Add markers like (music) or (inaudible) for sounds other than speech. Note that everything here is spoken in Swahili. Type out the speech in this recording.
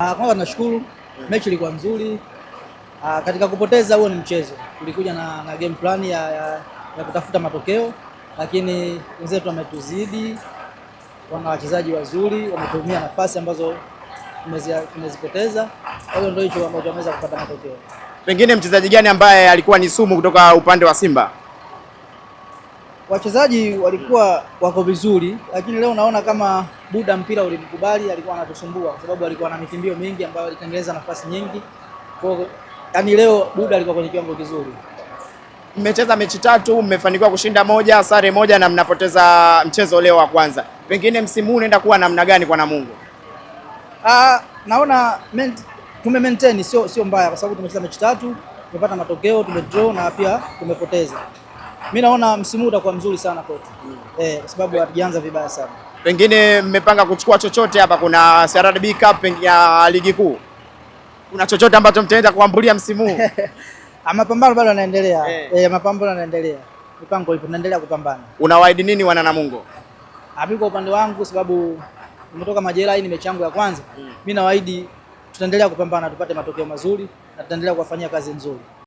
Ah, kwanza tunashukuru mechi ilikuwa nzuri. Ah, katika kupoteza huo ni mchezo, tulikuja na, na game plan ya, ya, ya kutafuta matokeo, lakini wenzetu wametuzidi, wana wachezaji wazuri, wametumia nafasi ambazo tumezipoteza. Kwa hiyo ndio hicho ambacho wameweza kupata matokeo. Pengine mchezaji gani ambaye alikuwa ni sumu kutoka upande wa Simba? wachezaji walikuwa wako vizuri, lakini leo naona kama Buda mpira ulimkubali, alikuwa anatusumbua kwa sababu alikuwa na mikimbio mingi ambayo alitengeneza nafasi nyingi. Kwa yani leo Buda alikuwa kwenye kiwango kizuri. Mmecheza mechi tatu, mmefanikiwa kushinda moja, sare moja na mnapoteza mchezo leo wa kwanza. Pengine msimu huu unaenda kuwa namna gani kwa Namungo? Ah, naona tume maintain sio sio mbaya kwa sababu tumecheza mechi tatu, tumepata matokeo, tumedraw na pia tumepoteza. Mimi naona msimu utakuwa mzuri sana kwetu mm. Eh, kwa sababu hatujaanza vibaya sana. Pengine mmepanga kuchukua chochote hapa, kuna CRDB Cup ya ligi kuu, kuna chochote ambacho mtaenda kuambulia msimu huu? (laughs) Ah, mapambano bado yanaendelea eh. Eh, mapambano yanaendelea, mipango ipo, tunaendelea kupambana. Unawaahidi nini wana Namungo? Ah, mimi kwa upande wangu, sababu nimetoka majela, hii ni ya kwanza mm. Mimi nawaahidi tutaendelea kupambana, tupate matokeo mazuri na tutaendelea kuwafanyia kazi nzuri.